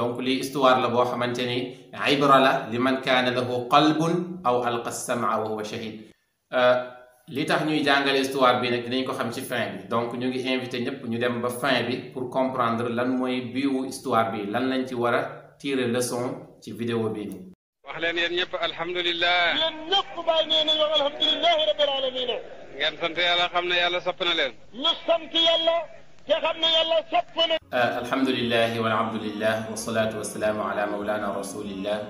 دونك لي استوار لبو خمانتني عبره لا لمن كان له قلب او القى السمع وهو شهيد لي تخ نيو جانغال استوار بي نك دنجو خم سي فين دونك نيغي انفيتي نيب ني ديم با فين بي بور كومبراندر لان موي بيو استوار بي لان لا نتي ورا تيري لسون سي فيديو بي ني اهلا يان نيب الحمد لله يان نيب باينين الحمد لله رب العالمين يان سنت يالا خمنا يالا سبنا لين نسنت يالا آه، الحمد لله والعبد لله والصلاة والسلام على مولانا رسول الله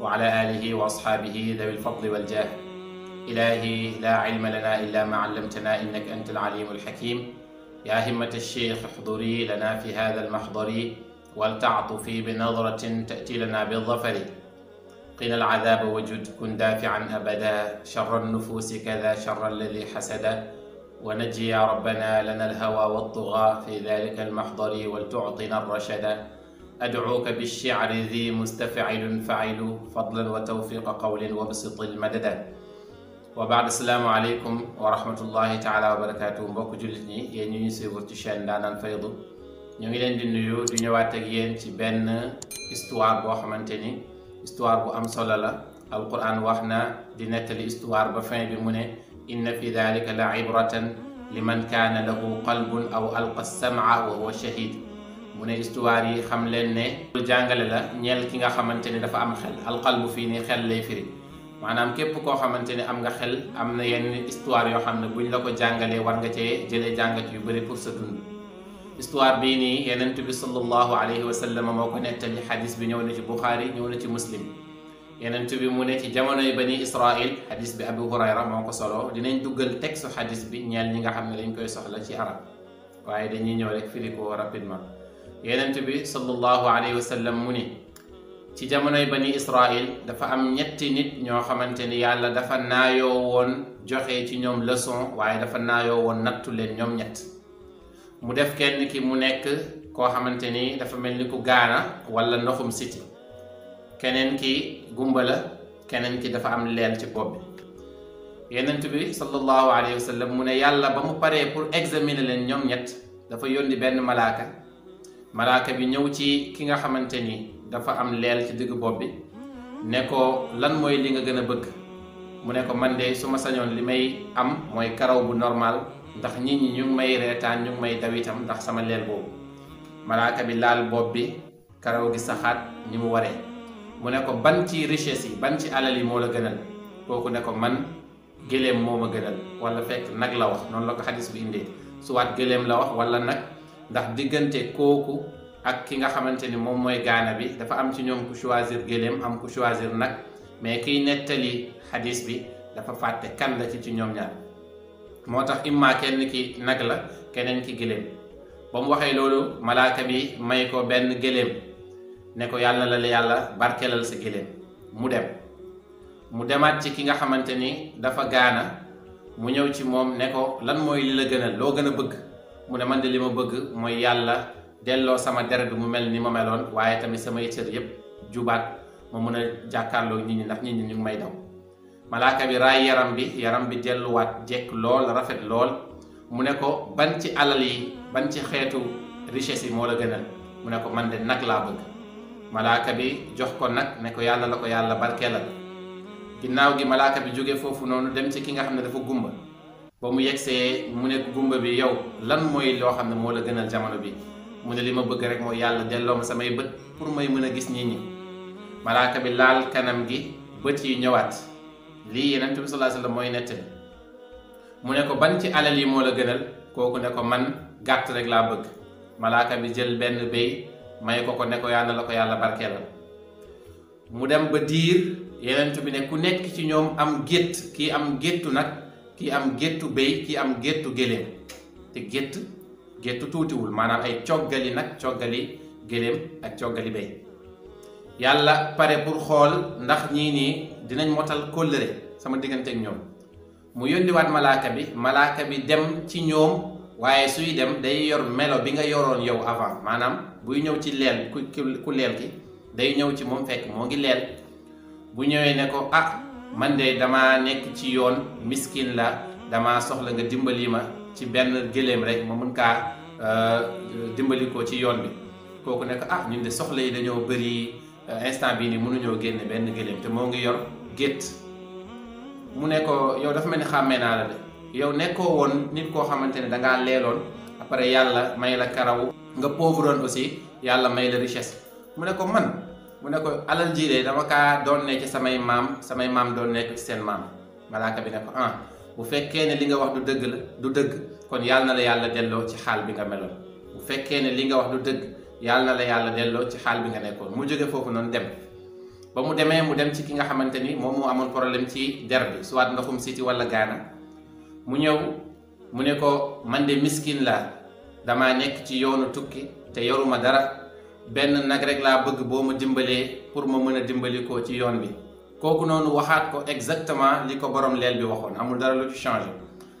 وعلى آله وأصحابه ذوي الفضل والجاه إلهي لا علم لنا إلا ما علمتنا إنك أنت العليم الحكيم يا همة الشيخ احضري لنا في هذا المحضر ولتعطفي بنظرة تأتي لنا بالظفر قنا العذاب وجد كن دافعا أبدا شر النفوس كذا شر الذي حسده ونجي يا ربنا لنا الهوى والطغى في ذلك المحضر ولتعطنا الرشد أدعوك بالشعر ذي مستفعل فعل فضلا وتوفيق قول وبسط المدد وبعد السلام عليكم ورحمة الله تعالى وبركاته مبوك جلتني يعني نسيب ارتشان لانا الفيض نيو إلين دنيو دنيو واتقين تبين استوار بو حمانتني استوار بو أمسول الله القرآن واحنا دينات الاستوار بفين بمونه inna fi dalika la ibratan liman kaana lahu qalbun aw alqa sam'a wa huwa shahid mu ne histoire yi xam leen ne lu jàngale la ñeel ki nga xamante ne dafa am xel alqalbu fii nii xel lay firi maanaam képp koo xamante ne am nga xel am na yenn histoire yoo xam ne buñ la ko jàngalee war nga cee jëlee jàngat yu bëri pour sa dund histoire bii nii yenent bi sallallahu alayhi wa sallam moo ko nettali xadis bi ñëw na ci buxaari ñëw na ci muslim yenent bi mu ne ci jamonoy bani israil xadis bi abu hurayra moo ko solo dinañ duggal texte xadis bi ñeel ñi nga xam ne dañ koy soxla ci arab waaye dañuy ñëw rek firi ko rapidement yenent bi sallallahu alayhi wa mu ni ci jamonoy bani israël dafa am ñetti nit ñoo xamante ni yàlla dafa naayoo woon joxe ci ñoom leçon waaye dafa naayoo woon nattu leen ñoom ñett mu def kenn ki mu nekk koo xamante dafa mel ku gaana wala ndoxum siti keneen ki gumba la keneen ki dafa am leen ci bopp bi yenent bi sallallahu alayhi wa mu ne yàlla ba mu paree pour examiner leen ñoom ñett dafa yónni benn malaaka malaaka bi ñëw ci ki nga xamante ni dafa am leel ci diggu bopp bi ne ko lan mooy li nga gën a bëgg mu ne ko man de su ma sañoon li may am mooy karaw bu normal ndax nit ñi ñu may reetaan ñu ngi may daw ndax sama leel boobu malaaka bi laal bopp bi karaw gi saxaat ñi mu waree mu ne ko ban ci richesse yi ban ci alal yi moo la gënal kooku ne ko man gëléem moo ma gënal wala fekk nag la wax noonu la ko xadis bi indee suwaat gëléem la wax wala nag ndax diggante kooku ak ki nga xamante ni moom mooy gaana bi dafa am ci ñoom ku choisir gëléem am ku choisir nag mais kiy nettali xadis bi dafa fàtte kan la ci ci ñoom ñaar moo tax imma kenn ki nag la keneen ki gëléem ba mu waxee loolu malaaka bi may ko benn gëléem ne ko yàlla la la yàlla barkelal sa géléem mu dem mu demaat ci ki nga xamante ni dafa gaana mu ñëw ci moom ne ko lan mooy li la gën a loo gën a bëgg mu ne man de li ma bëgg mooy yàlla delloo sama deret mu mel ni ma meloon waaye tamit samay cër yépp jubaat ma mën a jàkkaarloo nit ñi ndax nit ñi ñu may daw malaaka bi raay yaram bi yaram bi delluwaat jekk lool rafet lool mu ne ko ban ci alal yi ban ci xeetu richesse yi moo la gënal mu ne ko man nag laa malaaka bi jox ko nag ne ko yàlla la ko yàlla barkeelal ginnaaw gi malaaka bi jóge foofu noonu dem ci ki nga xam ne dafa gumba ba mu yegsee mu ne gumba bi yow lan mooy loo xam ne moo la gënal jamono bi mu ne li ma bëgg rek mooy yàlla delloo ma samay bët pour may mën a gis nit ñi malaaka bi laal kanam gi bët yi ñëwaat lii yeneen bi sallallahu alayhi mooy nettali mu ne ko ban ci alal yi moo la gënal kooku ne ko man gàtt rek laa bëgg malaaka bi jël may ko ko ne ko yàlla la ko yàlla barkeelal mu dem ba diir yeneen bi ne ku nekk ci ñoom am gétt kii am géttu nag kii am géttu béy kii am géttu géléem te gétt géttu tuutiwul maanaam ay coggali nag coggali géléem ak coggali béy yàlla pare pour xool ndax ñii nii dinañ motal kóllëre sama diggante ñoom mu yónniwaat malaaka bi malaaka bi dem ci ñoom waaye suy dem day yor melo bi nga yoroon yow avant maanaam buy ñëw ci leel ku ku leel ki day ñëw ci moom fekk moo ngi leel bu ñëwee ne ko ah man de dama nekk ci yoon miskin la damaa soxla nga dimbali ma ci benn gëléem rek ma mën kaa euh, dimbali ko ci yoon bi kooku ne ko ah ñun de soxla yi dañoo bëri euh, instant bii nii mënuñoo génne benn gëléem te moo ngi yor gétt mu ne ko yow dafa mel ni xàmmee naa la de yow nekkoo woon nit koo xamante ne dangaa leeloon après yàlla may la karaw nga poofu pauvroon aussi yàlla may la richesse mu ne ko man mu ne ko alal ji dama kaa doon ne ci samay maam samay maam doon nekk seen maam malaaka bi ne ko ah bu fekkee ne li nga wax du dëgg la du dëgg kon yàlla na la yàlla delloo ci xaal bi nga meloon bu fekkee ne li nga wax du dëgg yàlla na la yàlla delloo ci xaal bi nga nekkoon mu jóge foofu noonu dem ba mu demee mu dem ci ki nga xamante ni moom moo amoon problème ci der bi soit ndoxum siti walla gaana mu ñëw mu ne ko man de miskin laa dama nekk ci yoonu tukki te yoruma dara benn nag rek laa bëgg boo ma dimbalee pour ma mën a dimbali ko ci yoon bi kooku noonu waxaat ko exactement li ko borom leel bi waxoon amul dara lu ci changé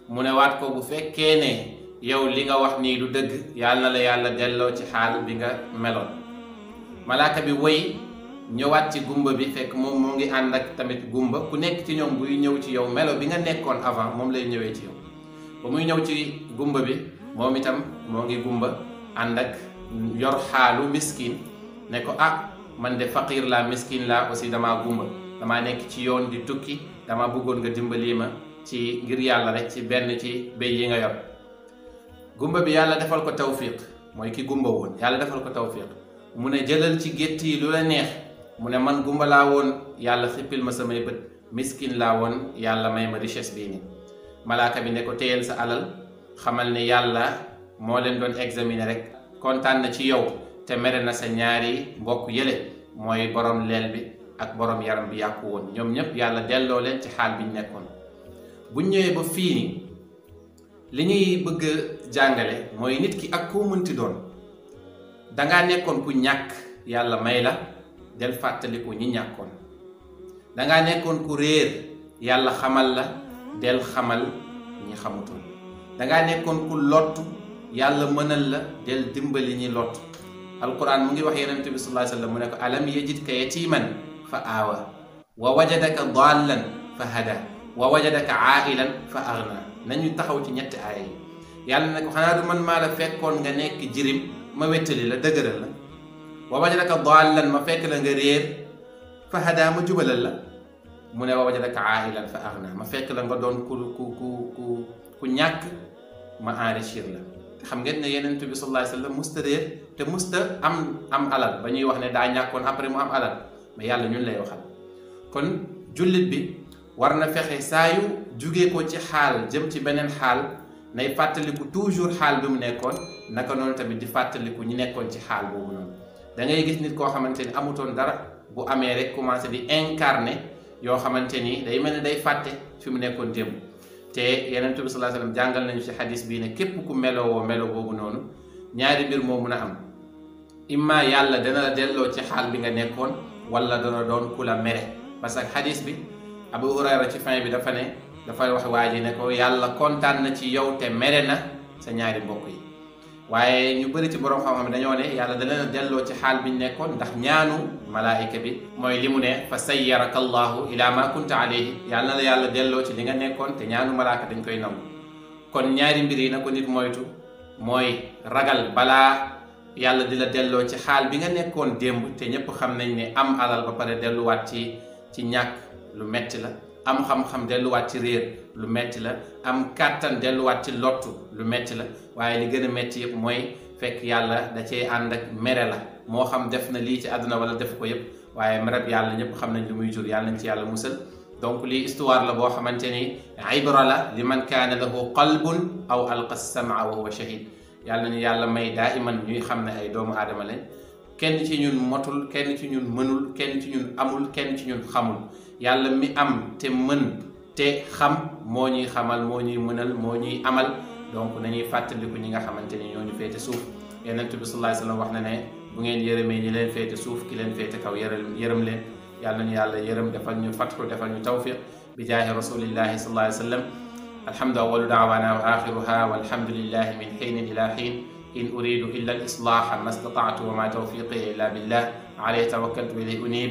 mu ne waat ko bu fekkee ne yow li nga wax nii du dëgg yàlla na la yàlla delloo ci xaal bi nga meloon malaaka bi wëy ñëwaat ci gumba bi fekk moom moo ngi ànd ak tamit gumba ku nekk ci ñoom buy ñëw ci yow melo bi nga nekkoon avant moom lay ñëwee ci yow ba muy ñëw ci gumba bi moom itam moo ngi gumba ànd ak yor xaalu miskin ne ko ah man de faqir la miskin la aussi damaa gumba damaa nekk ci yoon di tukki dama bëggoon nga dimbali ma ci ngir yàlla rek ci benn ci béy yi nga yor gumba bi yàlla defal ko tawfiq mooy ki gumba woon yàlla defal ko tawfiq mu ne jëlal ci gétt yi lu la neex mu ne man gumba laa woon yàlla xippil ma samay bët miskin laa woon yàlla may ma richesse bii nii malaaka bi ne ko téyel sa alal xamal ne yàlla moo leen doon examiner rek kontaan na ci yow te mere na sa ñaari mbokk yële mooy borom leel bi ak boroom yaram bi yàqu woon ñoom ñëpp yàlla delloo leen ci xaal bi ñu nekkoon buñ ñëwee ba fii nii li ñuy bëgg a jàngale mooy nit ki ak koo mënti doon dangaa nekkoon ku ñàkk yàlla may la del fàttaliku ñi ñàkkoon dangaa nekkoon ku réer yàlla xamal la del xamal ñi xamutoon dangaa nekkoon ku lott yàlla mënal la del dimbali ñi lott alquran mu ngi wax yonente bi sallallahu alayhi mu ne ko alam yajidka yatiman fa aawa wa wajadaka dallan fa hada wa wajadaka aailan fa agna nañu taxaw ci ñetti aaya yi yàlla na ko xanaa du man maa la fekkoon nga nekk jirim ma wettali la dëgëral la wa wajadaka dallan ma fekk la nga réer fa hadaa ma jubalal la mu ne wa wajadaka aahilan fa aghnaa ma fekk la nga doon ku ku ku ku ku ñàkk ma enrichir la xam ngeen ne yenent bi sallallahu alayhi wasallam musta réer te musta am am alal ba ñuy wax ne daa ñàkkoon après mu am alal mais yàlla ñun lay waxal kon jullit bi war na fexe saa yu jugee ko ci xaal jëm ci beneen xaal nay fàttaliku toujours xaal bi mu nekkoon naka noonu tamit di fàttaliku ñi nekkoon ci xaal boobu noonu da gis nit koo xamante ni amutoon dara bu amee rek commencé di incarné yoo xamante ni day mel ni day fàtte fi mu nekkoon démb te yeneen bi sallallahu alayhi jàngal nañu ci xadis bii ne képp ku melowoo melo boobu noonu ñaari mbir moo mun a am imma yàlla dana la delloo ci xaal bi nga nekkoon wala dana doon ku la mere parce que xadis bi Abu Hurayra ci fin bi dafa ne dafa wax waa ji ne ko yàlla kontaan na ci yow te mere na sa ñaari mbokk yi waaye ñu bëri ci borom xam-xam dañoo ne yàlla da leen delloo ci xaal bi ñu nekkoon ndax ñaanu malaayika bi mooy li mu ne fa sayyaraka allahu ila ma kunta alayhi yàlla la yàlla delloo ci li nga nekkoon te ñaanu malaaka dañ koy nangu kon ñaari mbir yi na ko nit moytu mooy ragal balaa yàlla di la delloo ci xaal bi nga nekkoon démb te ñëpp xam nañ ne am alal ba pare delluwaat ci ci ñàkk lu metti la am xam-xam wat ci réer lu metti la am kàttan wat ci lottu lu metti la waaye li gën a metti yëpp mooy fekk yàlla da cee ànd ak mere la moo xam def na lii ci àdduna wala def ko yëpp waaye mereb yàlla ñëpp xam nañ lu muy jur yàlla nañ ci yàlla musal donc lii histoire la boo xamante ni ibra la li man kaana lahu qalbun aw alqa samaa wa huwa shahid yàlla ñu yàlla may daiman ñuy xam ne ay doomu aadama lañ kenn ci ñun motul kenn ci ñun mënul kenn ci ñun amul kenn ci ñun xamul yàlla mi am te mën te xam moo ñuy xamal moo ñuy mënal moo ñuy amal donc nañuy fàttaliku ñi nga xamante ni ñoo ñu féete suuf yonent bi sallallahu alayhi wasallam wax na ne bu ngeen yërëmee ñi leen féete suuf ki leen féete kaw yërëm yërëm leen yàlla nañu yàlla yërëm defal ñu fatxu defal ñu tawfiq bi jaahi rasulillahi sallallahu alayhi wasallam الحمد أول دعوانا وآخرها والحمد لله من حين إلى حين إن أريد إلا الإصلاح ما استطعت وما توفيقي إلا بالله عليه توكلت وإليه أنيب